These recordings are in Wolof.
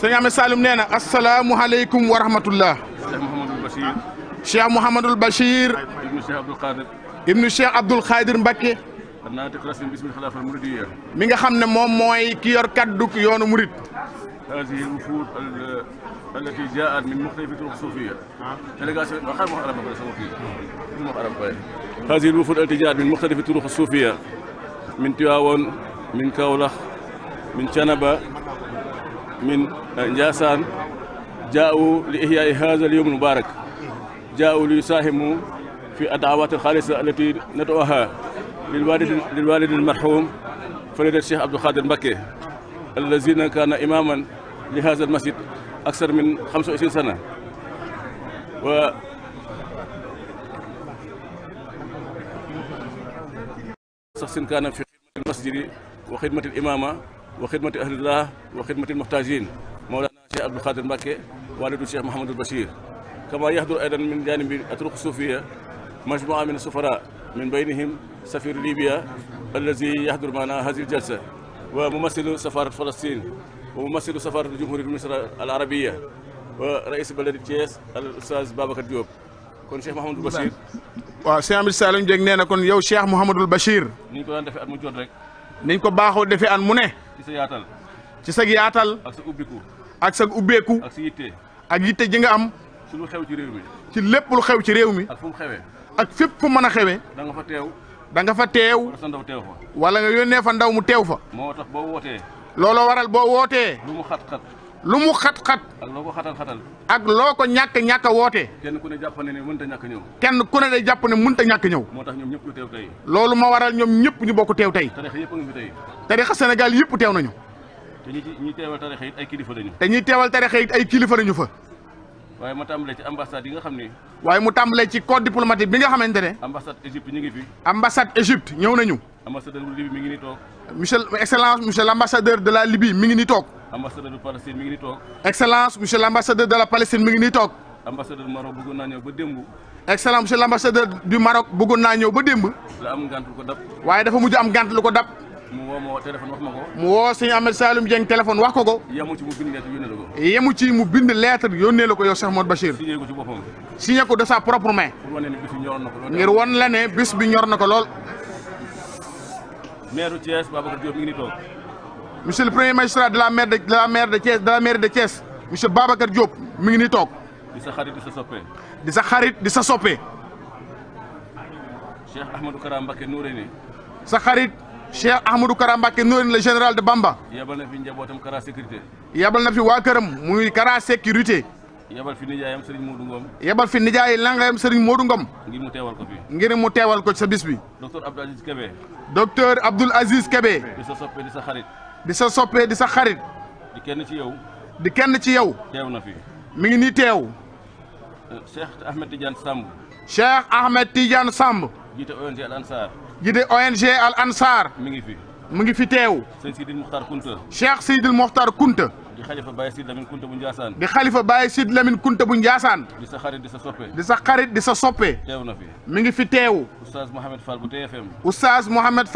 sëñ Ahmed Saloum nee na asalaamualeykum wa rahmatullah. Cheikh Mouhamadul Bachir. ibnu Cheikh Abdoul Khadir. ibnu Cheikh Abdoul Khadir Mbacke. mi nga xam ne moom mooy ki yor kaddu yoonu murit. هذه الوفود التي جاءت من مختلف الطرق الصوفية هذه الوفود التي جاءت من مختلف الطرق الصوفية من تياون من كاولخ من شنبة من نجاسان جاءوا لإحياء هذا اليوم المبارك جاءوا ليساهموا في الدعوات الخالصة التي ندعوها للوالد, للوالد المرحوم فريد الشيخ عبد القادر مكي الذين كان إماما لهذا المسجد أكثر من 25 سنة و شخص كان في خدمة المسجد وخدمة الإمامة wa xidmati ahlillah wa xidmati almuhtajin mawlana cheikh abdul qadir mbàkke walidu cheikh mahamadul bachir kama yahdur aydan min janibi atruq sufiya majmua min sufara min baynihim safir libya allazi yahdur maana hadi aljalsa wa mumasilu safarat falastin wa mumasilu safarat jumhuriyat misra al arabiya wa rais baladi Thiès al ustaz Babacar Diop kon Cheikh Mouhamadul Bachir. waaw Cheikh Amadou Salim Dieng nee na kon yow Cheikh Mouhamadul Bachir. ni ñu ko daan defee at mu jot rek. ni ñu ko baaxoo defee at mu ne. ci sa yaatal. ci sag yaatal. ak sa ubbiku. ak sa ubbeeku. ak sa yitte. ak yitte ji nga am. ci lu xew ci réew mi. ci lépp lu xew ci réew mi. ak fu mu xewee. ak fépp fu mën a xewee. da nga fa teew. da nga fa teew. wala sa ndaw teew fa. wala nga yónnee fa ndaw mu teew fa. moo tax boo wootee. looloo waral boo wootee. lu mu lu mu xat-xat. ak loo ko xatal-xatal. ak loo ko ñàkk-ñàkk a woote. kenn ku ne jàpp ne mënut a ñàkk ñëw. kenn ku ne day jàpp ne mënut a ñàkk ñëw. moo tax ñoom ñëpp ñu teew tey. loolu ma waral ñoom ñëpp ñu bokk teew tey. tarixa yëpp a ngi fi tey. tarixa Sénégal yëpp teew nañu. te ñi teewal tarixa it ay kilifa lañu. te ñi teewal tarixa it ay kilifa lañu fa. waaye mu tàmbalee ci ambassade yi nga xam ni. waaye mu tàmbalee ci corps diplomatique bi nga xamante ne. ambassade Égypte ñu ngi fi. ambassade Égypte ñëw nañu ambassadeur bu Libye mi ngi ni toog. monsieur excellence monsieur l' ambassadeur de la Libye mi ngi ni toog. ambassadeur de Palestine mi ngi ni toog. excellence monsieur l' ambassadeur de la Palestine mi ngi ni toog. ambassadeur du Maroc bëggoon naa ñëw ba démb. excellence monsieur l' ambassadeur du Maroc bëggoon naa ñëw ba démb. la am gànt lu ko dab. waaye dafa mujj am gànt lu ko dab. mu woo ma woo téléphone wax ma ko. mu woo sëñ Ahmed Saloum Dieng téléphone wax ko ko. yemu ci mu bind lettre yónnee la ko. yemu ci mu bind lettre yónnee la ko yow Cheikh Modou Bachir. signé ko ci boppam. signé ko de sa propre main. ngir wan la ne bis bi ñor na ko lool. maire Thiès Babacar Diop mi ngi ni toog. monsieur le premier magistrat de la maire de la maire de Thiès de la maire de Thiès monsieur Babacar Diop mi ngi ni toog. di sa xarit di sa soppe. di sa xarit di sa soppe. Cheikh Ahmadou Kara Mbacké Nouréni. sa xarit Cheikh Ahmadou Kara Mbacké Nouréni le général de Bamba. yabal na fi njabootam Kara sécurité. yabal na fi waa këram muy Kara sécurité. yebal fi nijaayam Serigne Modou Ngom. yebal fi nijaay langayam Serigne Modou Ngom. ngir mu teewal ko fi. ngir mu teewal ko ci sa bis bi. docteur Abdoul Aziz Kébé. docteur Abdoul Aziz Kébé. di sa soppee di sa xarit. di sa soppee di sa xarit. kenn ci yow. di kenn ci yow. teew na fi. mi ngi nii teew. Euh, Cheikh Ahmed Tidiane Samb. Cheikh Ahmed Tidiane Samb. jiite ONG Al Ansar. jiite ONG Al Ansar. mi ngi fi. mu ngi fi teew. Cheikh Seydil Mokhtar Kunta. Cheikh Seydil Mokhtar Kunta. di xalifa Baye Sid Lamine Kunta bu Njaasaan di xalifa Baye Sid Lamine Kunta bu Njaasaan di sa xarit di sa soppe mi ngi fi teew oustaz Mouhamed Fall bu TFM oustaz Mouhamed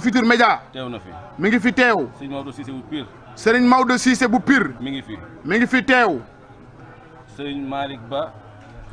Futur Média teew na fi mi ngi fi teew sëriñ Maodo Cissé bu Pire sëriñ Maodo Cissé bu Pire mi ngi fi mi ngi fi teew sëriñ Malick Ba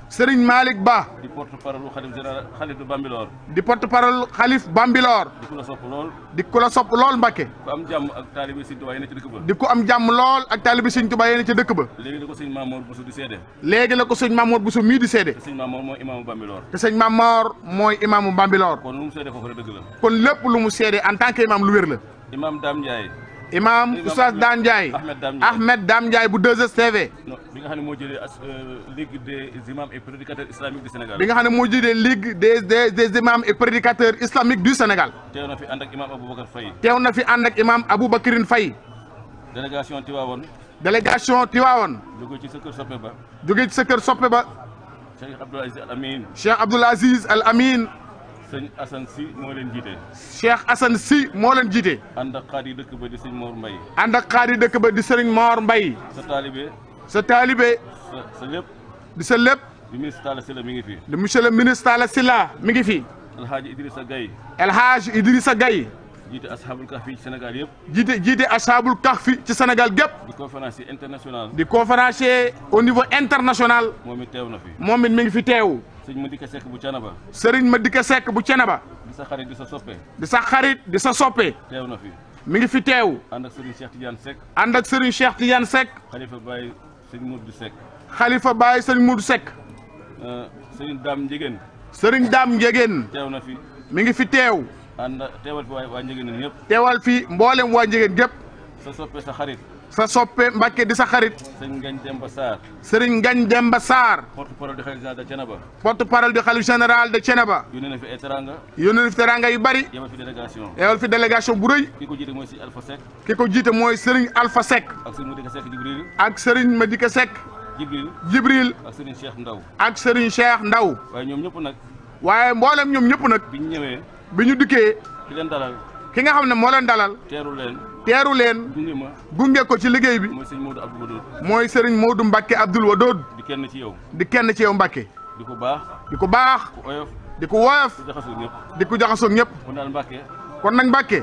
Serigne Malick Ba. di porte parole xalif général xalif Bambilor. di porte parole xalif Bambilor. di ku la sopp lool. di ku la sopp lool Mbacke. di ku am jàmm ak taalibe Serigne Touba yéen a ca dëkk ba. di ku am jàmm lool ak taalibe Serigne Touba yéen a ca dëkk ba. léegi la ko sëñ Mamour Boussou di seede. léegi la ko sëñ Mamour Boussou mii di seede. te sëñ Mamour mooy imaamu Bambilor. te sëñ Mamour mooy imaamu Bambilor. kon lu mu seede foofu rek dëgg la. kon lépp lu mu seede en tant que imaam lu wér la. imaam Dame Ndiaye. imaam oustaz Dame Ndiaye Ahmed Dame Ndiaye bu 2STV. bi nga xam ne moo jëlee euh, ligue des imams et prédicateurs du Sénégal. bi nga xam ne moo jëlee ligue des des des imams et prédicateurs islamiques du Sénégal. teew na fi ànd ak imaam Aboubacar Faye. teew na fi ànd ak imaam Aboubacrine Faye. délégation Tivaouane. délégation Tivaouane. jóge ci sa kër soppe ba. jóge ci sa kër soppe ba. Cheikh Abdoul Aziz Al Amin. Cheikh Abdoul Al Amin. sëñ Assane si moo leen jiite. Cheikh Assane si moo leen jiite. ànd ak xaar yi dëkk ba di sëñ Mor Mbaye. ànd ak xaar yi dëkk ba di sëriñ Mor mbay sa taalibe. sa taalibe. sa lépp. di sa lépp. di ministre Talla Sylla mi ngi fi. di monsieur le ministre Talla Sylla mi ngi fi. El Hadj Idrissa Gaye. El Hadj Idrissa Gaye. jiite asxaabul kahfi ci Sénégal yëpp. jiite jiite asxaabul kahfi ci Sénégal gépp. di conférencier international. di conférencier au niveau international. moom it teew na fi. moom sëriñ Madika Seck bu Cenaba. sëriñ Madika sekk bu Cenaba. di sa xarit di sa soppe. di sa xarit di sa soppe. teew na fi. mi ngi fi teew. ànd ak sëriñ Cheikh Tidiane Seck. ànd ak sëriñ Cheikh Tidiane Seck. xalifa Baye sëriñ Modou Seck. xalifa Baye sëriñ Modou Seck. Euh, sëriñ Dame Ndiégène. sëriñ Dame Ndiégène. teew na fi. mi ngi fi teew. ànd teewal fi waa waa Ndiégène yëpp. teewal fi mboolem waa Ndiégène gépp sa soppe sa xarit. sa soppe Mbacke di sa xarit. Serigne Ngagne Demba Sarr. Serigne Ngagne Demba Sarr. porte parole du xalif général de Thiénaba. porte parole du xalif général de Thiénaba. yónnee na fi ay teranga. yónnee na yu bari. yebal fi délégation. bu rëy. ki ko jiite mooy Serigne Alpha Seck. ki ko jiite mooy Serigne Alpha ak Serigne ma di Jibril. ak Serigne Madika Seck. Jibril. Jibril. ak sëriñ Cheikh Ndaw. Ndaw. waaye ñoom ñëpp nag. waaye mboolem ñoom ñëpp nag. bi ñu ñëwee. bi ñu dikkee. ki leen dalal. ki nga xam ne moo leen dalal. teeru leen. teeru leen gunge ko ci liggéey bi mooy sëriñ Modou Mbacke Abdoul Wadood di kenn ci yow di kenn ci yow Mbacke di ko baax di ko baax di ko woyof di ko jaxasoog ñëpp kon nag Mbacke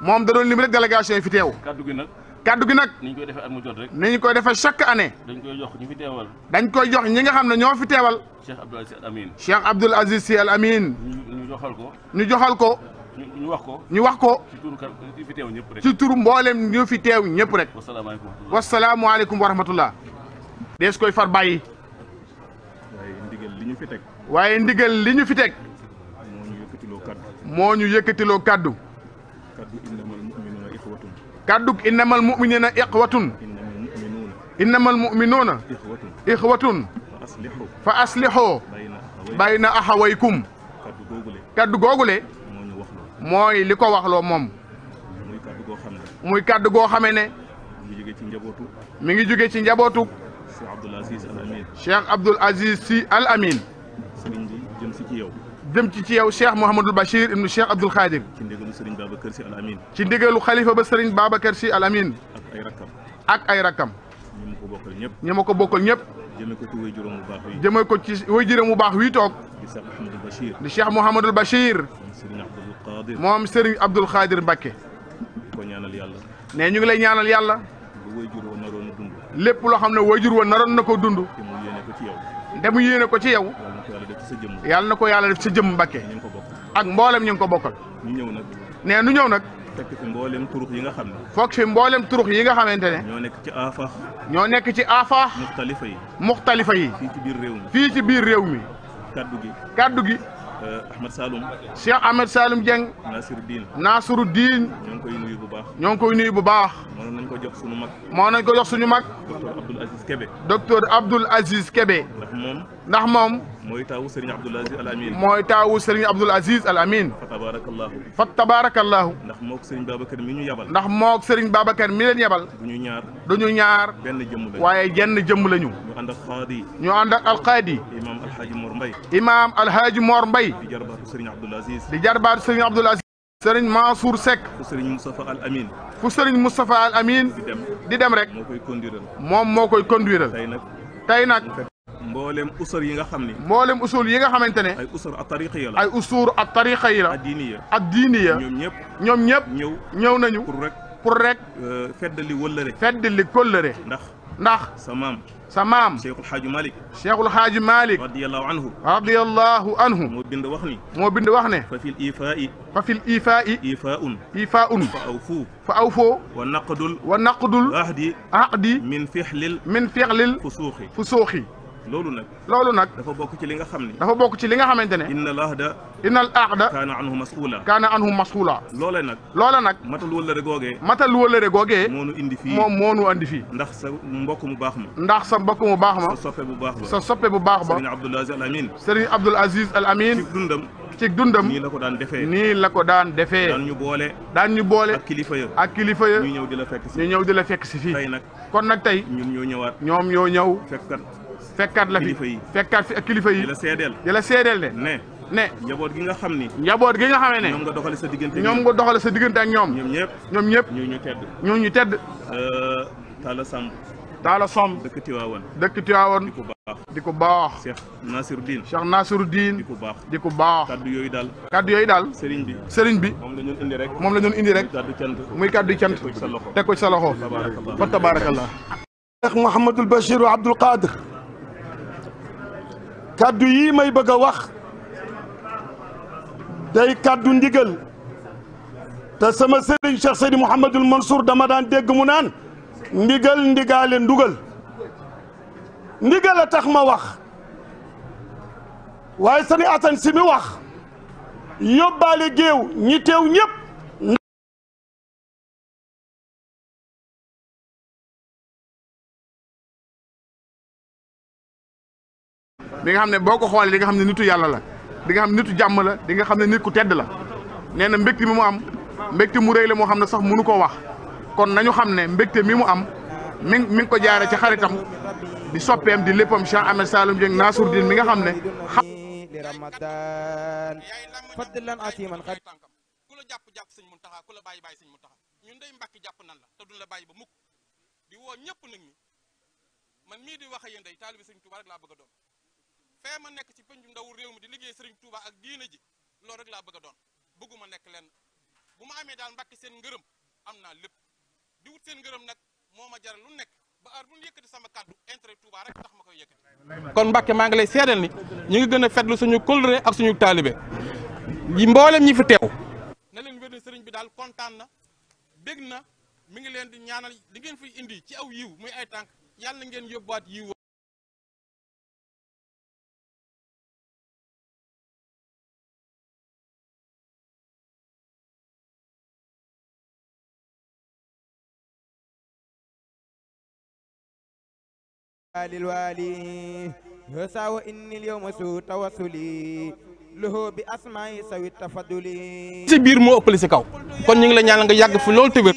moom da doon lim rek délégation yi fi teew kaddu gi nag kaddu gi nag ni ñu koy defee at mu jot rek ni ñu koy defee chaque année dañ koy jox ñi fi teewal dañ koy jox ñi nga xam ne ñoo fi teewal Cheikh Abdoul Aziz Al Amin Cheikh Abdoul Aziz Al Amin ñu joxal ko ñu joxal ko ñu wax ko ñu wax ko ci turu mboolem ñu fi teew ñëpp rek wasalaamualeykum wa rahmatullah dees koy far bàyyi waaye ndigal li ñu fi teg waaye ndigal li ñu fi teg moo ñu yëkkatiloo kaddu moo ñu yëkkatiloo kaddu kaddu innamal mu'minuna iqwatun innamal mu'minuna iqwatun fa aslixu bayna axawaykum kaddu googule mooy li ko waxloo moom. muy kàdd goo xam ne. muy kàddu goo xamee ne. mi ngi jóge ci njabootu. mu ngi jóge ci njabootu. Cheikh Abdoul Aziz Al Amin. Cheikh Abdoul Aziz Sy sëriñ bi jëm si ci yow. jëm ci ci yow Cheikh Mouhamadul Bachir ibnu Cheikh Abdoul Khadir. ci Al Amin. ci ndigalu xalifa ba sëriñ Babacar Sy Al Amin. ak ay rakkam. ak ay rakkam. ñi ko bokkal ñëpp. ñi ma ko bokkal ñëpp. jëmee ko ci way juróom baax wi. ko ci way juróom baax wi toog. di Cheikh Mouhamadul Bachir. di moom Serigne Abdoul Khadir Mbacke. ko ñaanal yàlla. ne ñu ngi lay ñaanal yàlla. lépp loo xam ne wajur wa naroon na ko dund. demu yéene ko ci yow. yàlla na ko yàlla def sa jëmm Mbacke. ak mboolem ñu ngi ko bokkal. nee nu ñëw nag. fekk fi mboolem turux yi nga xam ne. foog fi mboolem turux yi nga xamante ne. ñoo nekk ci aafaax. ñoo nekk ci aafaax. muxtalifa yi. muxtalifa yi. fii ci biir réew mi. fii ci biir réew mi. kaddu gi. Euh, Ahmed Saloum. Cheikh Ahmed Saloum Dieng. Nasiru Diin. Nasiru Diin. ñoo ngi koy nuyu bu baax. ñoo ngi koy nuyu bu baax. moo nañ ko jox suñu mag. moo nañ ko jox suñu mag. docteur Abdoul Aziz Kébé. docteur Abdoul Aziz Kébé. ndax moom. mooy taawu Serigne Abdoul Aziz Al Amin. mooy taawu Serigne Abdoul Aziz Al Amin. fa tabaarakallaahu. fa tabaarakallaahu. ndax mook Serigne Babacar mi ñu yabal. ndax mook seriñ Babacar mi leen yabal. du ñu ñaar. du ñu ñaar. benn jëmm lañu waaye jenn jëmm lañu. ñu ànd ak xaadi. ñu ànd ak alqaadi. imaam Alhaji Mor Mbaye. imaam Alhaji Mor Mbaye. di jarbaatu Serigne Abdoul di jarbaatu Serigne Abdoul Aziz. Serigne Mansour Seck. fu Serigne Moustapha Al Amin. fu Serigne Moustapha Al Amin. di dem di dem rek. moo koy moom moo koy conduire. tey nag. mboolem usur yi nga xam ne mboolem usul yi nga xamante ne ay usur at tariqa yi la ay usur at tariqa yi la ad diiniya ad diiniya ñoom ñëpp ñoom ñëpp ñëw ñëw nañu pour rek pour rek euh, feddali wëllëre feddali kóllëre ndax ndax sa maam sa maam Cheikhul Xaaji Malick Cheikhul Xaaji Malick radiyallahu anhu radiyallahu anhu moo bind wax ni moo bind wax ne fa fil ifaa'i fa fil ifaa'i ifaa'un ifaa'un fa awfuu fa awfoo wa naqdul wa naqdul ahdi ahdi min fixlil min fixlil fusuuxi fusuuxi loolu nag loolu nag dafa bokk ci li nga xam ne dafa bokk ci li nga xamante ne inna al ahda inna al ahda kaana anhu mas'ula kaana anhu mas'ula loolee nag loola nag matal wëllëre googee matal wëllëre googee moonu indi fii moom moonu indi fii ndax sa mbokk mu baax ma ndax sa mbokk mu baax ma sa soppe bu baax ba sa soppe bu baax ba Serigne Abdoul Aziz Al Amin Serigne Abdoul Aziz Al Amin ci dundam ci dundam nii la ko daan defee nii la ko daan defee daan ñu boole daan ñu boole ak kilifa ya ak kilifa ya ñu ñëw di la fekk si ñu ñëw di la fekk si fii kon nag tey ñoom ñoo ñëwaat ñoom ñoo ñëw fekkat fekkaat la fi fekkaat fi ak kilifa yi. di la seedeel ne ne. njaboot gi nga xam ni. njaboot gi nga xamee ne. ñoom nga doxale sa diggante ak ñoom nga doxale sa diggante ñoom. ñoom ñëpp ñoom ñëpp. ñoo ñu tedd. ñoo ñu tedd. Euh, Talla Samb. Talla Samb. dëkk Tiwaawan. dëkk Tiwaawan. di ko baax Cheikh Nasiru Diin Cheikh Nasiru Diin di ku baax di ko baax kaddu yooyu daal kaddu yooyu daal sëriñ bi sëriñ bi moom la ñun indi rek moom la ñun indi rek muy kaddu cant teg ko ci sa loxo fa tabarakallah Cheikh Mouhamadul Bachir wa Abdoul Qadir kàddu yi may bëgg a wax day kaddu ndigal te sama sëriñ Cheikh Seydi Mouhamadul Mansour dama daan dégg mu naan ndigal ndigaale ndugal ndigal a tax ma wax waaye sani atan simi wax yóbbaale géew ñi teew ñëpp di nga xam ne boo ko xoolee di nga xam ne nitu yàlla la di nga xam ne nitu jàmm la di nga xam ne nit ku tedd la nee na mbégte mi mu am mbégte mu rëy la moo xam ne sax mënu koo wax kon nañu xam ne mbégte mi mu am mi mi ngi ko jaare ci xaritam di soppeem di léppam Cheikh Ahmed Saloum naa Nassourdine mi nga xam ne li ramadan fadlan atiman xad ku la jàpp jàpp sëñ Muntaxa ku la bàyyi bàyyi sëñ Muntaxa ñun day mbàkki jàpp nan la te duñ la bàyyi ba mukk di woo ñëpp nag ñi man di wax ak yéen sëñ Tuubaa rek laa bëgg a fee ma nekk ci pencum ndaw réew mi di liggéey sëriñ Touba ak diina ji loolu rek laa bëgga a doon bëgguma nekk leen bu ma amee daal mbàkki seen ngërëm am naa lépp di wut seen ngërëm nag moo ma jaral lu nekk ba ar bu ñu yëkkati sama kàddu intérêt Touba rek tax ma koy yëkka kon mbakke maa ngi lay seedal ni ñu ngi gën a fetlu suñu kóllëre ak suñu taalibe yi mboolem ñi fi teew. na leen wér sëriñ bi daal kontaan na bég na mu ngi leen di ñaanal di ngeen fi indi ci aw yiw muy ay tànk yàlla ngeen yóbbuwaat yiw للوالي يسعى وإني اليوم سوء توسلي له بأسماء سوي التفضل ci biir moo ëppale ci kaw kon ñu ngi la ñaanal nga yàgg fu loolu te wér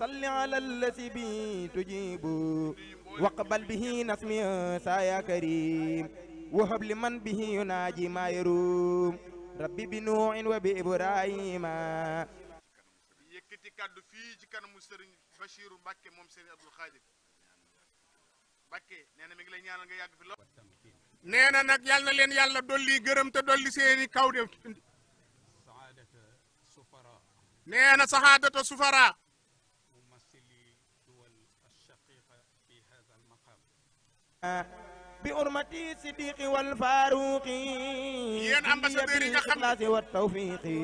صل على الذي بي تجيب واقبل به نسمي يا كريم وهب لمن به يناجي ما يروم ربي بنوح وبإبراهيم yëkkati kàddu fii ci kanamu Serigne Bachirou Mbacké moom Serigne Abdou nee na nag yal na leen yàlla dolli gërëm te dolli seeni kaw def nee na saxaadata sufara bi urmati sidiqi wal faaruqi yéen ambassadeur yi nga xam ne wa tawfiqi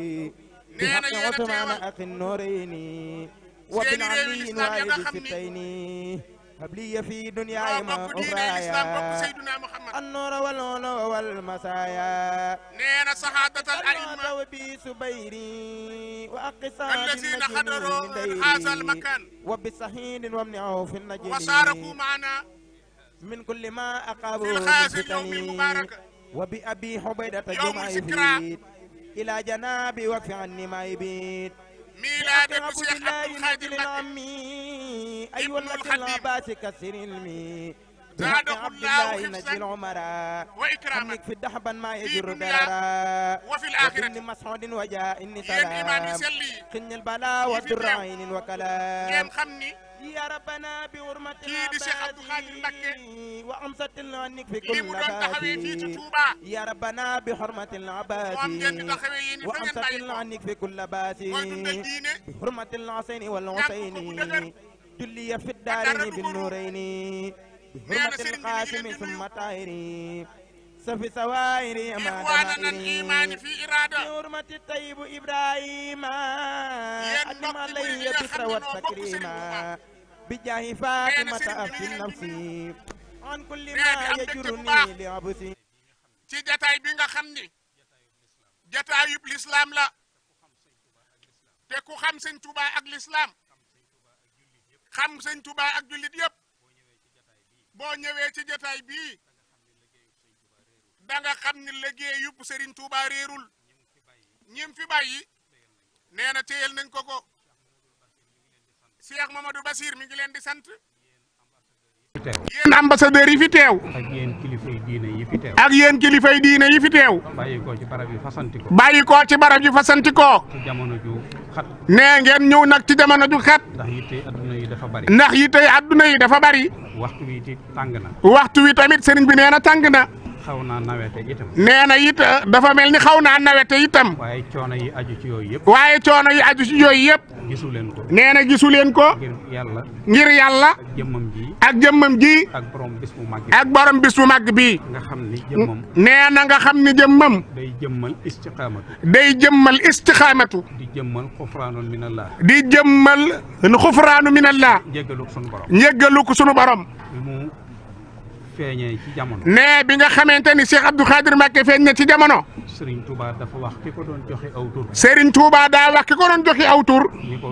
nee na yéen a teewal seeni réewi lislaam ya nga xam ni قبلي في دنياي ما أخرايا النور والهون والمسايا نينا صحابة الأئمة وبي سبيري وأقصى الذين خدروا من هذا المكان وبسحين ومن عوف النجم وشاركوا معنا من كل ما أقابوا في الخاز اليوم المبارك وبأبي حبيدة جمع يبيت إلى جنابي وفي عني ما يبيت ميلادك سيح عبد الخادم أيها التي العباس كسر المي زاده الله نجي العمراء وإكراما في الدحبا ما يجر دارا وفي الآخرة ابن مسعود وجاء النساء خن البلاء والدر عين وكلام يا ربنا بحرمتنا بادي وأمسة عنك في كل بادي يا ربنا بحرمة العبادي وأمسة عنك في كل بادي بحرمة الحسين والحسين julliya fi daarayni bi nuurayni bi hurmatil qaasimi summa taahiri safi sawaayiri amaa damaa'iri bi hurmati tayyibu ibrahima adima layya bisra wa takriima bi jaahi faatimata afti nafsi an kulli maa yajuruni li abusi ci jataay bi nga xam ni jataayub lislaam la xam sëñ Tuubaa ak jullit yépp boo ñëwee ci jotaay bii da nga xam ni liggéey yub sëriñ Tuubaa réerul ñim fi bàyyi nee na téyel nañ ko ko Cheikh Mamadou Basir mi ngi leen di sant teew. yéen ambassadeurs yi fi teew. ak yéen kilifay diine yi fi teew. ak yéen kilifay diine yi fi teew. bàyyi koo ci barab yu fasanti ko. bàyyi koo ci barab yu fasanti jamono ju xat. nee ngeen ñëw nag ci jamono ju xat. ndax yittey adduna yi dafa bari. ndax yittey adduna yi dafa bari. waxtu wi it tàng na. waxtu wi tamit sëriñ bi nee na tàng na. xaw naa nawete itam. nee na it eh, dafa mel ni xaw naa nawete itam. waaye coono yi aju ci yooyu yëpp. waaye coono yi aju ci yooyu yëpp. gisu leen ko. nee na gisu leen ko. ngir yàlla. ngir yàlla. ak jëmmam ji. ak jëmmam ji. ak borom bis bu mag bi. ak borom bis bu bi. nga xam ni jëmmam. nee na nga xam ni jëmmam. day jëmmal istiqaamatu. day jëmmal istiqaamatu. di jëmmal xufraanu minallah. di jëmmal xufraanu minallah. njëggalu ko sunu borom. njëggalu ko sunu borom. feeñee ci jamono. nee bi nga xamante ni Cheikh Abdou Khadir Mbacké feeñ na ci jamono. Serigne Touba dafa wax ki ko doon joxe aw tur. Serigne Touba daa wax ki ko doon joxe aw tur. ni ko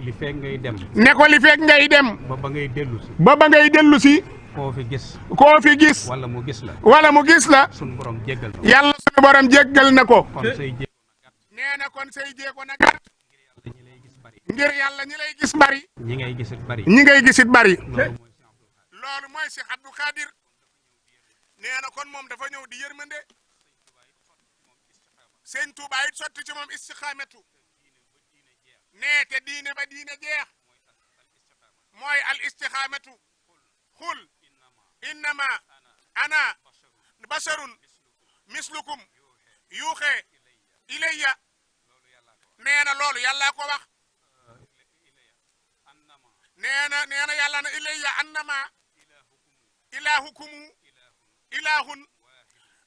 li feeg ngay dem. ne ko li feeg ngay dem. ba ba ngay dellu si. ba ba ngay dellu si. koo fi gis. koo fi gis. wala mu gis la. wala mu gis la. sunu borom jéggal ko. yàlla sunu borom jéggal na ko. kon say jéego na nee na kon say jéego na gàtt. ngir yàlla ñi lay gis mbari ñi ngay gisit bari. ñi ngay gisit bari. loolu mooy Cheikh Abdou nee na kon moom dafa ñëw di yërmande sëñ Touba it sotti ci moom istixaamatu nee te diine ba diine jeex mooy al istixaamatu xul innama ana basharun mislukum yuuxee ilayya nee na loolu yàllaa ko wax nee na nee na yàlla na ilaahukumu ilahun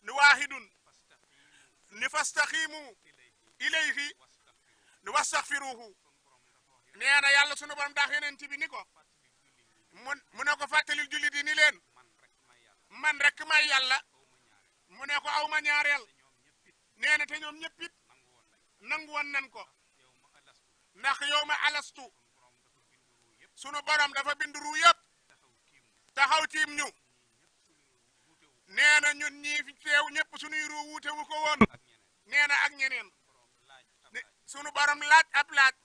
ni waahidun ni fastaqiimu ilayhi ni wastaxfiruhu nee na yàlla sunu borom daax yonent bi ni ko mu mu ne ko fàttalil jullit yi ni leen man rek may yàlla mu ne ko aw ma ñaareel nee na te ñoom ñëpp it nangu woon nan ko ndax yow ma alastu sunu borom dafa bind ruu yëpp taxaw ñu nee na ñun ñii fi teew ñëpp suñuy ruu wuute ko woon nee na ak ñeneen ne sunu borom laaj ab laaj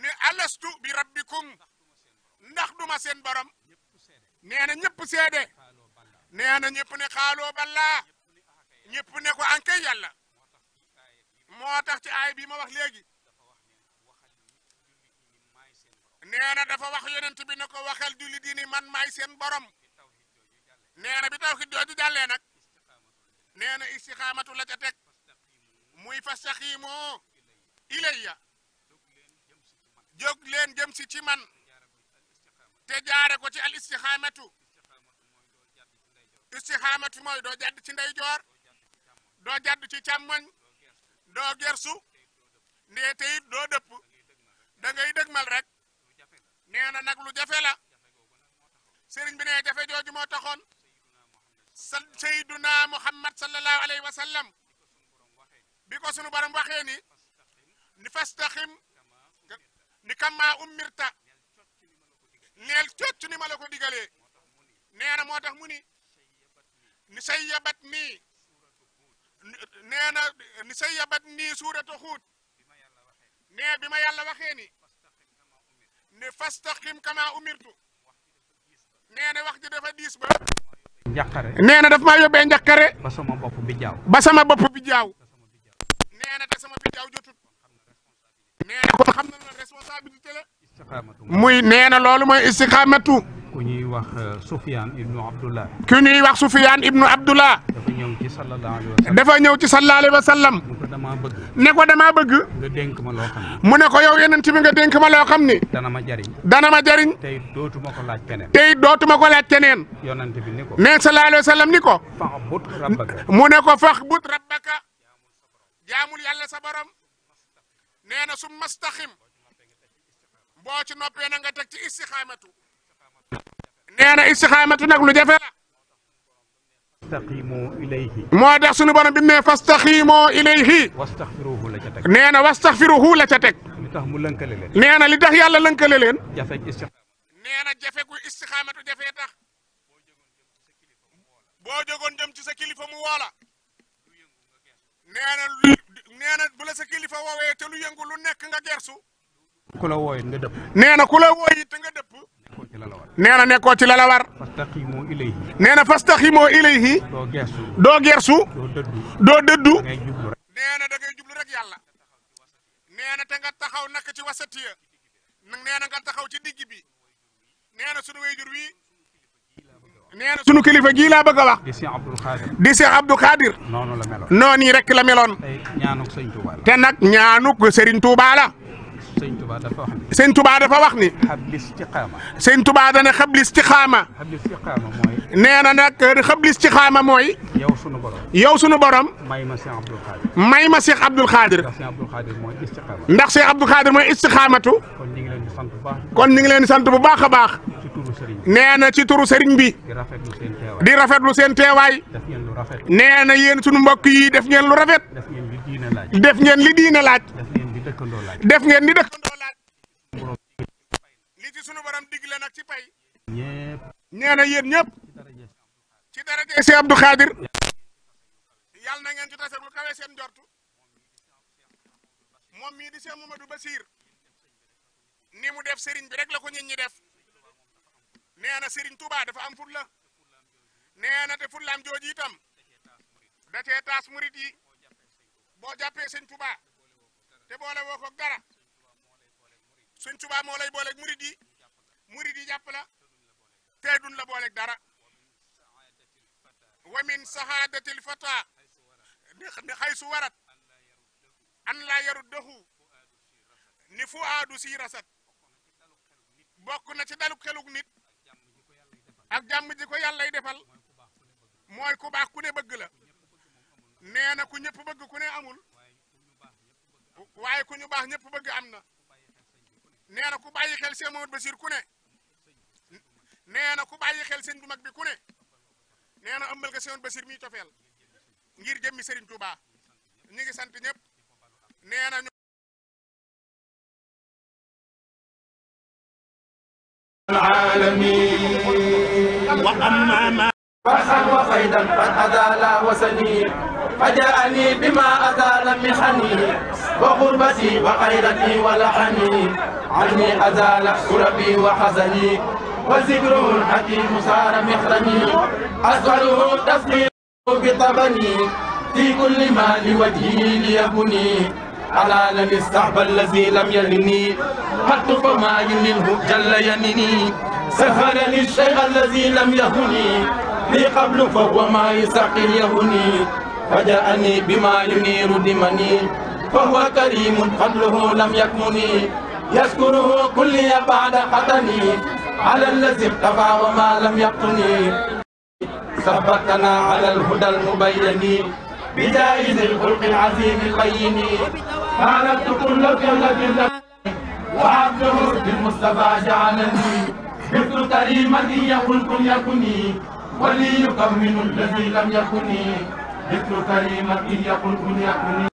ne alastu bi rabbikum ndax duma seen borom nee na ñëpp seede nee na ñëpp ne xaaloo ballaa ñëpp ne ko ankay yàlla moo tax ci aay bi ma wax léegi nee na dafa wax yonent bi ne ko waxal julli diini man maay seen borom nee na bi tawxiid jooju jàllee nag nee na istixaamatu la ca teg muy fastaxiimoo ilayya jóg leen jëm si ci man te jaare ko ci al istixaamatu istixaamatu mooy doo jàdd ci ndeyjoor doo jàdd ci càmmoñ doo gersu ndee te it doo dëpp da ngay dëgmal rek nee na nag lu jafe la sëriñ bi ne jafe jooju moo taxoon sa sayduna muhammad sallallahu alayhi wa sallam bi ko sunu ni fastaxim ni kama umirta neel cocc ni ma ko digalee nee na tax mu ni ni say yabat nii nee ni say yabat nii suuratu xuut nee bi ma yàlla waxee ni fastaxim kama umirtu nee na wax diis ba njàqare nee na daf maa yóbbee njàqare ba sama bopp bi jaaw ba sama bopp bi jaaw nee na te sama bi jaaw jotut nee na kon xam na la responsabilité la muy nee na loolu mooy istiqaamatu ku ñuy wax euh, Soufiane ibnu Abdullah. ku ñuy wax Soufiane ibnu Abdullah. dafa ñëw ci sallallahu alayhi ne ko damaa bëgg. ne ko damaa nga dénk ma loo xam mu ne ko yow yeneen bi nga dénk ma loo xam ni. dana ma jariñ. dana ma jariñ. tey dootuma ko laaj keneen. tey dootuma ko laaj keneen. yonent bi ni ko. ne sallallahu alayhi wa sallam ni ko. faxbut rabbaka. mu ne ko faxbut rabbaka. jaamul yàlla sa borom. nee na su mastaxim. boo ci noppee na nga teg ci istixaamatu nee na istixaamatu nag lu jafe la. moo tax suñu borom bi mu nee fastaqiimu ilayhi. nee na wastaxfiruhu la ca teg. nee na li tax yàlla lënkale leen. nee na jafe gu istixaamatu jafee tax. boo jógoon jëm ci sa kilifa mu woo la. nee na lu nee na bu la sa kilifa woowee te lu yëngu lu nekk nga gersu. ku la wooyee nga dëpp. nee na ku la wooyee te nga dëpp. nee na nekkoo ci la la war. nee na fastaqimu ilayhi. doo gersu. doo gersu. doo dëddu. nee na da ngay jublu rek yàlla. nee na te nga taxaw nak ci wasatiya. nee na nga taxaw ci digg bi. nee na sunu wayjur wi. nee na sunu kilifa gii laa bëgg a wax. di Cheikh Abdou Khadir. di la meloon noonu yi rek la meloon. te ñaanuk Serigne Touba la. sëñ Touba dafa wax ni. sëñ Touba dafa wax ni. xabli istiqaama. sëñ Touba dana xabli istiqaama. xabli istiqaama mooy. nee na nag xabli istiqaama mooy. yow sunu borom. yow sunu borom. may ma Cheikh Abdoul Khadir. may ma Cheikh Abdoul Khadir. ndax Cheikh Abdoul Khadir mooy istiqaama. ndax Cheikh Abdoul Khadir mooy istiqaamatu. kon ñu ngi leen di sant bu baax. kon ñu ngi leen di sant bu baax a baax. nee na ci turu sëriñ bi. di lu seen teewaay. nee na yéen sunu mbokk yi def ngeen lu rafet. def ngeen li diine laaj. def ngeen ni dëkkandoo laaj li ci sunu borom digle nag ci pay nee na yéen ñëpp ci daraje si Abdou Khadir na ngeen ci tase bu kawee seen njortu moom mii di seen Mamadou Basir ni mu def sëriñ bi rek la ko ñit ñi def nee na sëriñ Touba dafa am fut la nee na te fut laam jooju da cee taas boo jàppee sëñ Touba te boole woo ko dara suñ tubaa moo lay boole murid yi murid yi jàpp la te duñ la boole dara wa min sahaadatil ne ni xaysu warat an laa yaruddahu ni fuaadu si rasat bokk na ci daluk xeluk nit ak jàmm ji ko yàllay defal mooy ku baax ku ne bëgg la nee ku ñëpp bëgg ku ne amul waay ku ñu baax ñëpp bëgg am na nee na ku bàyyi xel Cheikh Mamadou Bachir ku ne nee ku bàyyi xel sëñ bi ku ne nee na ëmbal ko Cheikh Mamadou cofeel ngir jëmmi Serigne Touba ñu ngi sant ñëpp ñu وقربتي وغيرتي ولحني عني أزال كربي وحزني وذكره الحكيم صار مخرمي أسأله تسقيه بطبني في كل ما لوجهي ليبني على لم يستحب الذي لم يلني حتى فما ينله جل يمني سهرني الشيء الذي لم يهني لي قبل فهو ما يسقي يهني فجاءني بما ينير دمني فهو كريم فضله لم يكمني يذكره كلي بعد قتني على الذي اقتفى وما لم يقتني ثبتنا على الهدى المبين بجائز الخلق العظيم البين فعلت كل كلمة وعبده بالمصطفى جعلني مثل كريمتي يقول كن يكني ولي يكمل الذي لم يكني مثل كريمتي يقول كن يكني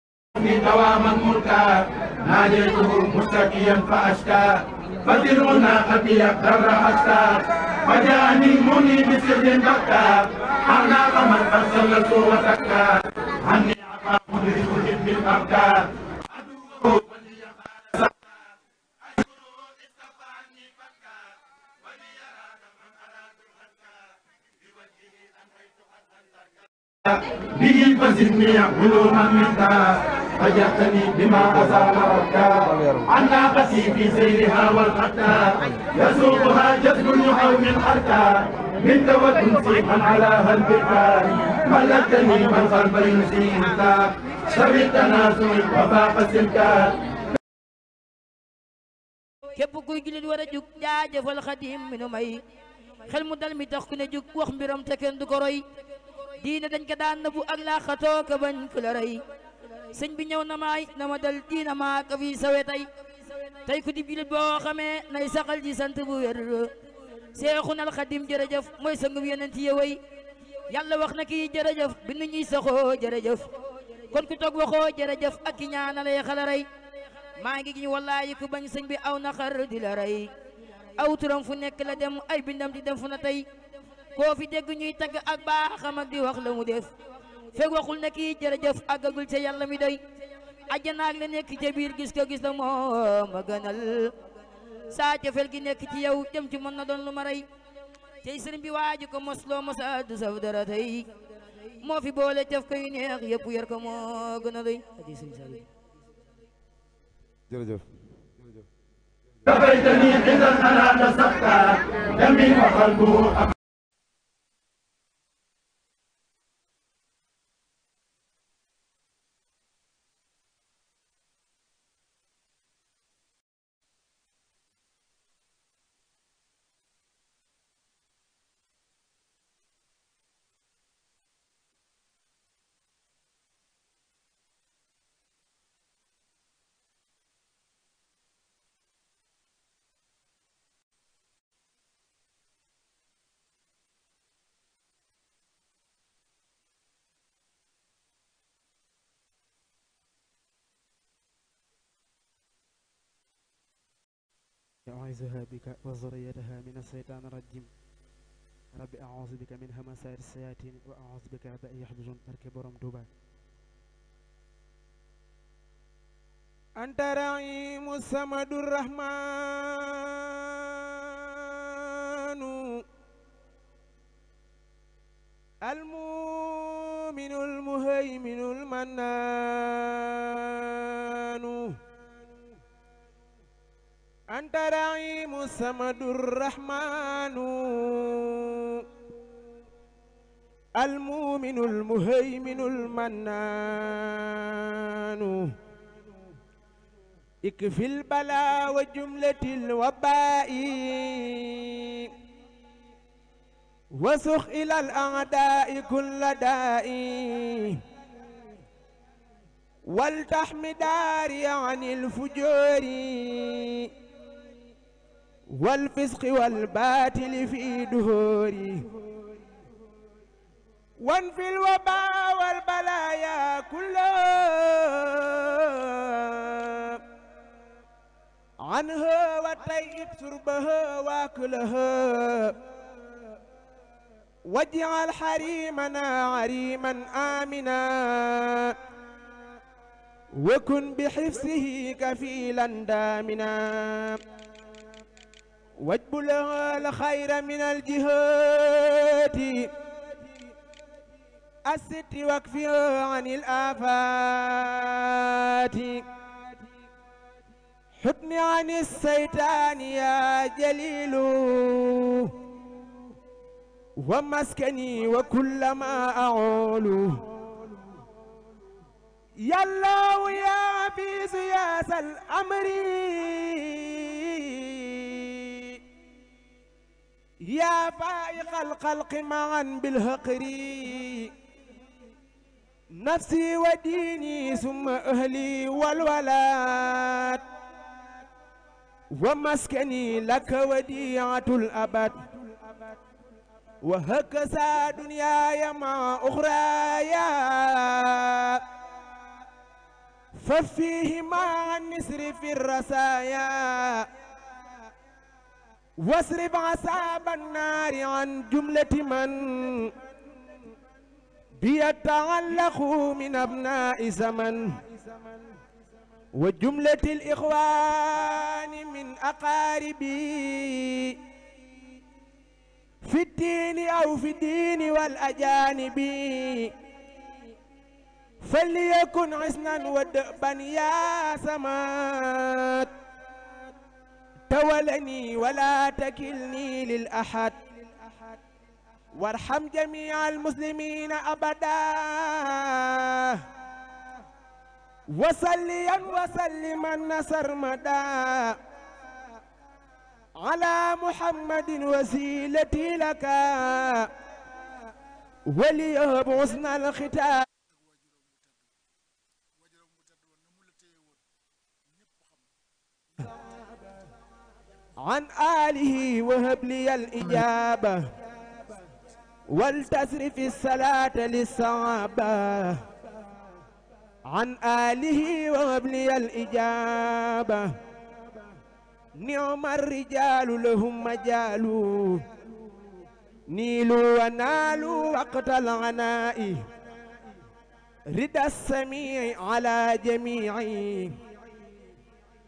وحدي دواما ملكا ناجيته مستقيا فأشكى فسرنا أبي ضر أشكى فجاءني مني بسر بكى أعناق من أرسلت وسكى عني عطاه لكل بالأبكى به فزدني علوما من دار فجأتني بما أزال ركا عن ناقتي في سيرها والقتال يسوقها جسد يحوم الحركة من تود سيحا على هالبكاء ملكتني من قلب ينسي انتاك شر التناسل وفاق السلكات képp kuy jullit war a jug jaajëfal xadim mi nu may xel mu dal mi tax ku ne jug wax mbiram te kenn du ko roy diine dañ ko daan nabu ak laaxatoo ka bañ ku la rey sëñ bi ñëw na maay na ma dal diina maa ka fii sawe tey tey ku di bilit boo xamee nay saxal ji sant bu wér seexun alxadim jërëjëf mooy sangum yonent yi way yàlla wax na ki jërëjëf bi nu ñuy saxoo jërëjëf kon ku toog waxoo jërëjëf ak ki ñaanalay xala rey maa ngi giñ wallaayi ku bañ sëñ bi aw naqar di la rey aw turam fu nekk la dem ay bindam di dem fu na tey koo fi dégg ñuy tagg ak baaxam ak di wax la mu def fekk waxul ne kii jërëjëf àggagul ca yàlla mi doy ajjanaag la nekk ca biir gis ko gis la moom a gënal saa cofeel gi nekk ci yow jëm ci mën na doon lu ma rey tey sëriñ bi waaji ko mas loo mosa du saf moo fi boole caf koy neex yëpp yar ko moo gën a doy jërëjëf dafay tamit أعيذها بك وذريتها من الشيطان الرجيم ربي أعوذ بك من همسات الشياطين وأعوذ بك رب أن يحضرون barke Borom Tuuba أنت الرحيم الصمد الرحمن المؤمن المهيمن المنان أنت رعيم السمد الرحمن المؤمن المهيمن المنان اكفي البلاء وجملة الوباء وسخ إلى الأعداء كل داء والتحم داري عن الفجور والفسق والباطل في دهوري وانفي الوباء والبلايا كلها عنها وطيب تربها واكلها واجعل حريمنا عريما آمنا وكن بحفظه كفيلا دامنا واجب لها الخير من الجهات الست واكفها عن الآفات حطن عن السيطان يا جليل ومسكني وكلما أعول يا الله يا حفيظ يا ذا الأمر يا فائق الخلق معا بالهقر نفسي وديني ثم أهلي والولاد ومسكني لك وديعة الأبد وهكذا دنياي مع أخرايا ففيهما النسر في الرسايا wasrif asaab annaari an jumlati man bi yataallaqu min abnaai zaman wa jumlati alixwaani min aqaaribi fi ddiini aw fi ddiini wal ajaanibi falyakun xisnan wa dëban yaa samaat تولني ولا تكلني للأحد وارحم جميع المسلمين أبدا وصليا وسلما سرمدا على محمد وسيلتي لك وليهب حسن الختام عن آله وهب لي الإجابة والتصرف الصلاة للصوابة عن آله وهب لي الإجابة نعم الرجال لهم مجال نيلوا ونالوا وقت العناء رد السميع على جميعي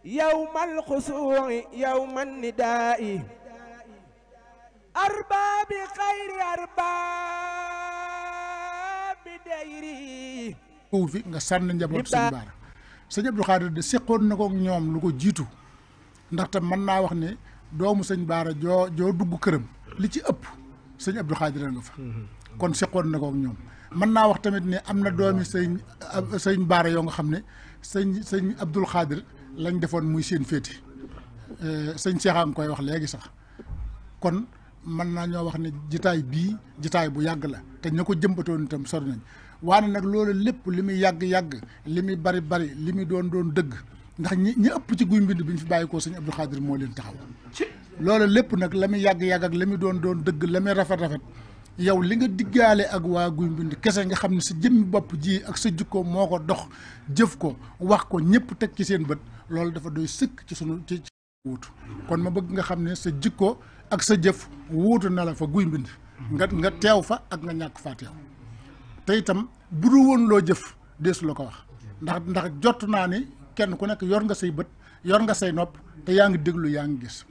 يوم الخشوع يوم النداء أرباب خير أرباب ديري uur fi nga sànni njaboot sëñ baara sëñ Abdou Khadir de seqoon na ko ñoom lu ko jiitu ndaxte mën naa wax ne doomu sëñ baara joo dugg këram li ci ëpp sëñ Abdou Khadir nga fa kon seqoon na ko ñoom mën naa wax tamit ni am na doomi sëñ baara yoo nga xam ne sëñ sëñ Abdou Khadir lañ defoon muy seen féete euh, sëñ Cheikh a koy wax léegi sax kon mën naa ñoo wax ne jitaay bii jitaay bu yàgg la te ña ko jëmbatoon itam sori nañ waane nag loolu lépp li muy yàgg-yàgg li muy bari bari li muy doon doon dëgg ndax ñi ñi ëpp ci guy mbind bi ñu fi bàyyi ko sëñ Abdou Khadir moo leen taxaw loolu lépp nag la muy yàgg-yàgg ak la muy doon doon dëgg la muy rafet-rafet yow li nga diggaale ak waa guy mbind kese nga xam ne si jëmmi bopp jii ak sa jikko moo ko dox jëf ko wax ko ñëpp teg ci seen bët loolu dafa doy sëkk ci sunu ci wuutu kon ma bëgg nga xam ne sa jikko ak sa jëf wuutu na la fa guy mbind nga teew fa ak nga ñàkk faa teew te itam bu du woon loo jëf deesu la ko wax ndax ndax jot naa ni kenn ku nekk yor nga say bët yor nga say nopp te yaa ngi déglu yaa ngi gis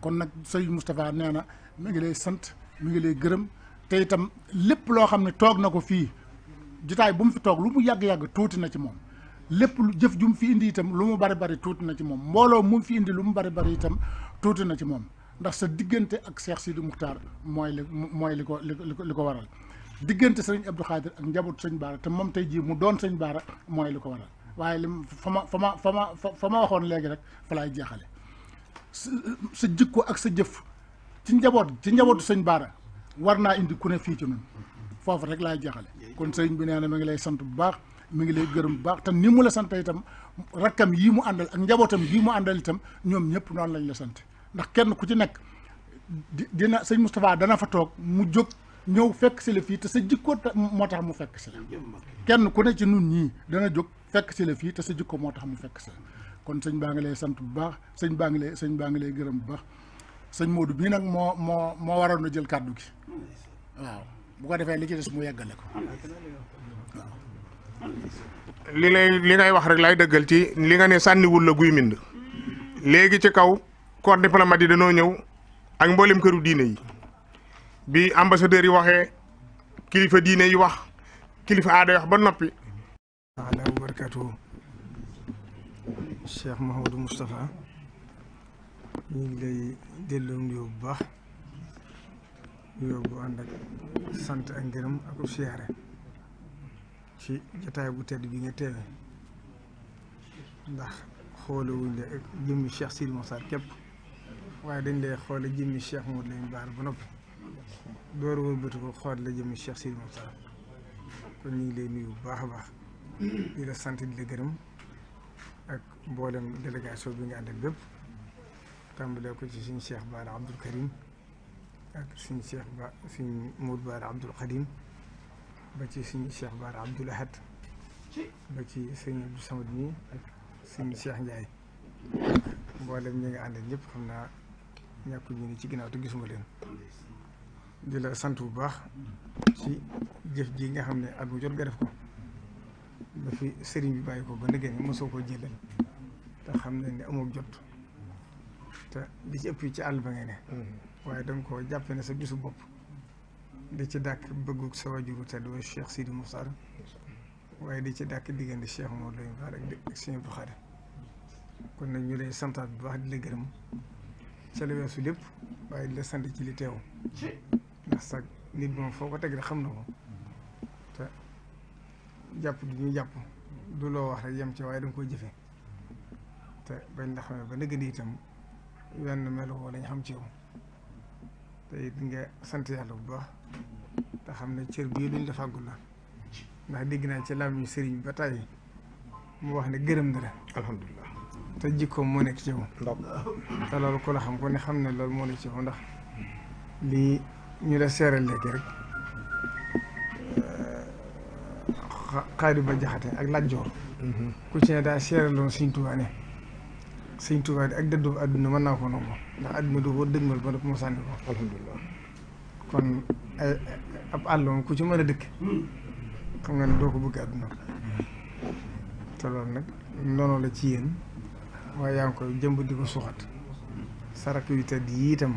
kon nag Sëriñ Moustapha nee na mu ngi lay sant mu ngi lay gërëm te itam lépp loo xam ne toog na ko fii jotaay bu mu fi toog lu mu yàgg-yàgg tuuti na ci moom lépp lu jëf ju mu fi indi itam lu mu bari bari tuuti na ci moom mbooloo mu fi indi lu mu bari bari itam tuuti na ci moom ndax sa diggante ak Cheikh Sidi Muxtaar mooy li mooy li ko li ko li ko waral diggante sëriñ Abdou Khadir ak njaboot sëñ Baara te moom tey jii mu doon sëñ Baara mooy li ko waral waaye li fa ma fa ma fa ma fa ma waxoon léegi rek fa laay jeexale sa jikko ak sa jëf ci njaboot ci njabootu sëñ Baara war naa indi ku ne fii ci ñun foofu rek laay jeexale kon sëriñ bi neex na mi ngi lay sant bu baax mi ngi lay gërëm bu baax te ni mu la sant itam rakkam yii mu àndal ak njabootam yii mu àndal itam ñoom ñëpp noonu lañ la sant ndax kenn ku ci nekk dina sëñ Moustapha dana fa toog mu jóg ñëw fekk si la fii te sa jikko moo tax mu fekk si kenn ku ne ci nun ñii dana jóg fekk si la fii te sa jikko moo tax mu fekk si kon sëñ baa ngi lay sant bu baax sëñ baa ngi sëñ baa ngi lay gërëm bu baax sëñ Modou bii nag moo moo moo waroon jël kàddu ki waaw bu ko defee li ci des mu yeggale ko li lay li ngay wax rek lay dëggal ci li nga ne sànniwul la guy mind léegi ci kaw corps diplomate yi dañoo ñëw ak mboolem këru diine yi bi ambassadeur yi waxee kilifa diine yi wax kilifa aada wax ba noppi ala barakatuhu ñu ngi lay delloo nuyoo bu baax nuyoo bu ànd ak sant ak ngërëm ak u siyaare ci jataay bu tedd bi nga teewe ndax xoole wuñ la ak jëmmi Cheikh Sidi Moxtaar képp waaye dañ lay xoole jëmmi Cheikh Mouhamed Lamine ba noppi door war xool la jëmmi Cheikh Sidi Moxtaar ñu ngi lay nuyu bu baax a baax di sant di la gërëm ak mboolem délégation bi nga àndal bépp tàmbalee ko ci suñ Cheikh Baara Abdul Karim ak suñ seex Ba suñ Mour Baara Abdul Xadim ba ci suñ Cheikh baar Abdul Ahad ba ci sëñ Abdou Samad mi ak suñ Cheikh Ndiaye mboolem ñi nga ànd ñëpp xam naa ñàkku ñu ne ci ginnaaw te gisuma leen di sant bu baax ci jëf ji nga xam ne at mu jot nga def ko ba fi sëriñ bi bàyyi ko ba nëgën mosoo koo jëlal te xam nañ ne amoo jot te li ci ëpp ci àll ba ngay ne. Mm-hmm. waaye danga koo jàppe na sa bisu bopp. di ci dàkk bëggu sa wajuru tedd wa Cheikh Sidi Moukhtar waaye di ci dàkk diggante Cheikh Mawal lañu baal ak Sëñ Abdou Khadre kon nag ñu lay santaat bu baax di la gërëm ca la weesu lépp waaye di la sant ci li teew ndax sax nit moom foo ko teg rek xam na ko te jàpp du ñu jàpp du loo wax rek yem ci waaye danga koy jëfe te bañ la xamee ba nëgg itam. wenn meloo woo lañ xam ci yow te it nga sant yàlla bu baax te xam ne cër bii luñ la fàggul la ndax dégg naa ci làmmiñu sëriñ ba tàyyi mu wax ne gërëm na la alhamdulilah te jikkoom moo nekk ci yow te loolu ku la xam ko ne xam ne loolu moo nekk ci yow ndax lii ñu la seeral léegi rek xaari ba jaxate ak lajjoor mm-hmm. ku ci ne daa seeraloon Sëriñ Tuubaa ne sëñ Tuubaa di ak dëddub àdduna mën naa ko nangu ndax àdduna du ko dëgmal ba noppi mu sànni ko. alhamdulilah kon ay ab àll moom ku ci mën a dëkk. xam nga ne doo ko bëgg àdduna te nag noonu la ci yéen waaye yaa ngi koy jëmb di ko suuxat sarak yu tedd yi itam.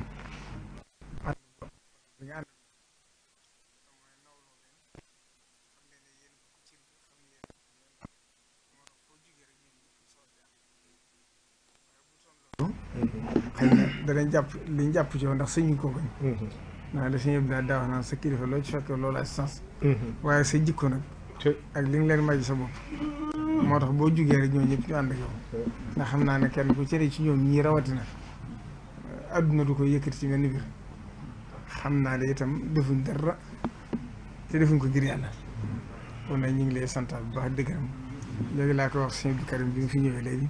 xëy na danañ jàpp liñ jàpp ci yow ndax sëñuñ ko koñ mhm. naa la sëñ bi daal daa sa kilifa loo ci fekkee loolu assistance mhm. waaye sa jikko nag ak li nga leen may sa bopp moo tax boo jugee rek ñoom ñëpp ñu ànd ak yow ndax xam naa ne kenn ku cere ci ñoom ñii rawatina adduna du ko yëkkati ci benn biir xam naa ne itam defuñ dara te defuñ ko ngir yàlla kon nag ñu ngi lay santaat bu baax dëgëram léegi laa ko wax sëñ bi Karim bi nga fi ñëwee léegi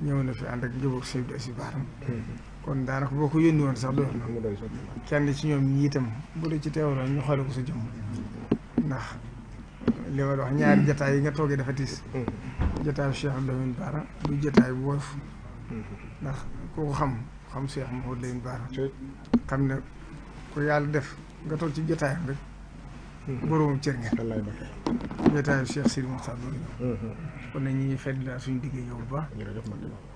ñëw na fi ànd ak njaboot si baax mm-hmm. kon daanaka boo ko yónni woon sax doon na kenn ci ñoom ñi tam bu dee ci teewloon ñu xoole ko sa jëmm ndax li ma wax ñaari jataay yi nga toogee dafa tiis mm-hmm. jataayu Cheikh Lamine Bara du jataay bu woyof mm-hmm. ndax kooku xam xam Cheikh Mouhamadou Lamine Bara xam ne ku def nga toog ci jataayam rek boroomam kon nag ñu ngi suñ suñu diggee yow bu baax.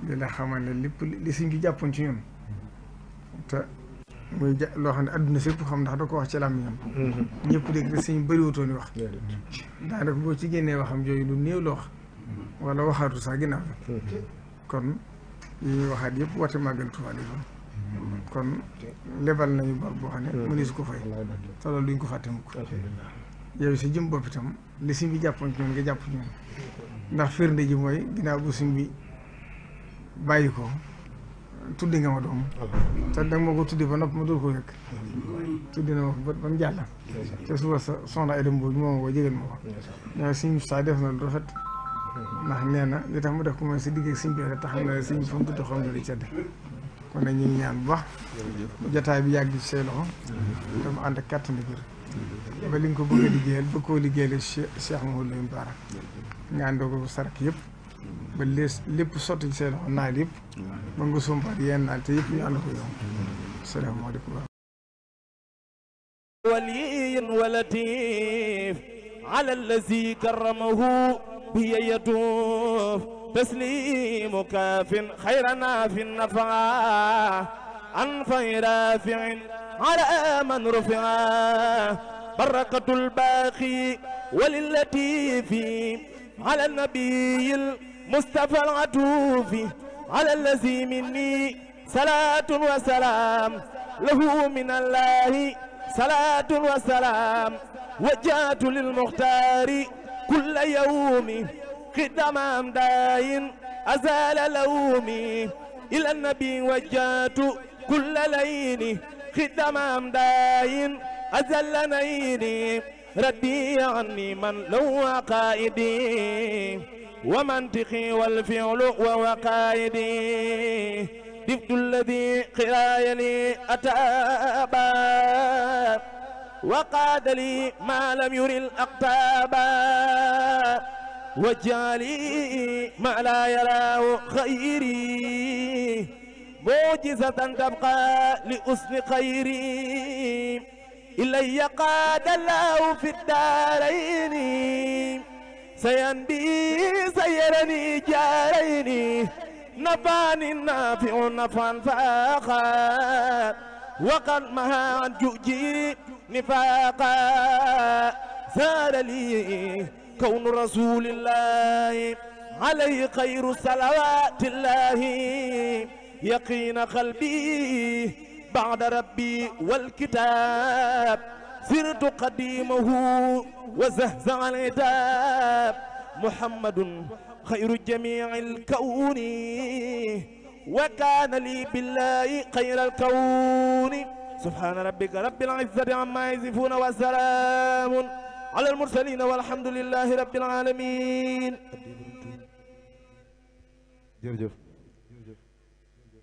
di la xamal ne lépp li suñ gi jàppoon ci ñun. te muy ja loo xam ne adduna sépp xam ndax da ko wax ci làmmiñam. Mm-hmm. ñëpp dégg rek suñu bëriwutoon wax. daanaka boo ci génnee waxam yooyu lu néew la wax. Mm-hmm. wala waxaatu sax ginnaaw. Mm-hmm. kon yi ñuy waxaat yëpp wate màggal Tuubaa la kon lebal nañu bor boo xam ne mënees ko fay te ko fàtte mukk yow si jëm bopp itam bi jàppoon ci ñun nga jàpp ci ndax firnde ji mooy ginnaaw bu suñ bi bàyyi ko tuddi nga ma doom te danga ma ko tuddi ba nopp ma dul ko yëg tuddi na ma ko ba mu jàll te suba sa soxna ay dem boobu moom woo jégal ma ko ñoo suñ saa def na lu rafet ndax nee na li tax mu def ko mooy si digg ak suñ bi rek tax na suñ fa mu tudd xam nga di cedd kon nag ñu ngi ñaan bu bax jataay bi yàgg ci say loxo te mu ànd ak kàttan ba li nga ko bëgg a liggéeyal bëgg koo liggéeyal Cheikh Mawlana Mbara nga àndoo ko sarak yëpp ba lees lépp sotti seen xol naal yëpp ba nga sumbaat yenn naal te yëpp ñu ànd ko yow salaamaaleykum ولي ولطيف على الذي كرمه بي يطوف تسليم كاف خير ناف نفعا عن خير رافع على من رفعا بركة الباقي وللتي في على النبي المصطفى العطوف على الذي مني صلاة وسلام له من الله صلاة وسلام وجهت للمختار كل يوم قدم أمداين أزال لومي إلى النبي وجهت كل ليل قدم أمداين أزل نيني ربي عني من لو قائدي ومنطقي والفعل ووقائدي دفت الذي قراي لي أتابا وقاد لي ما لم ير الأقطابا وجعلي ما لا يراه خيري موجزة تبقى لأسن خيري إلي قاد الله في الدارين سينبي سيرني جارين نفعني النافع نفعا فاقا وقد مها عن جؤجي نفاقا سار لي كون رسول الله عليه خير صلوات الله يقين قلبي baada rabbi wal kitaab sirtu qadimahu wa zahza al itaab muhammadun xayru jamiil kawni wa kaana lii billaahi xayral kawni subhaana rabbika rabbil izzati ammaa yasifuuna wa salaamun alal mursaliina walhamdulillaahi rabbil aalamiin jërëjëf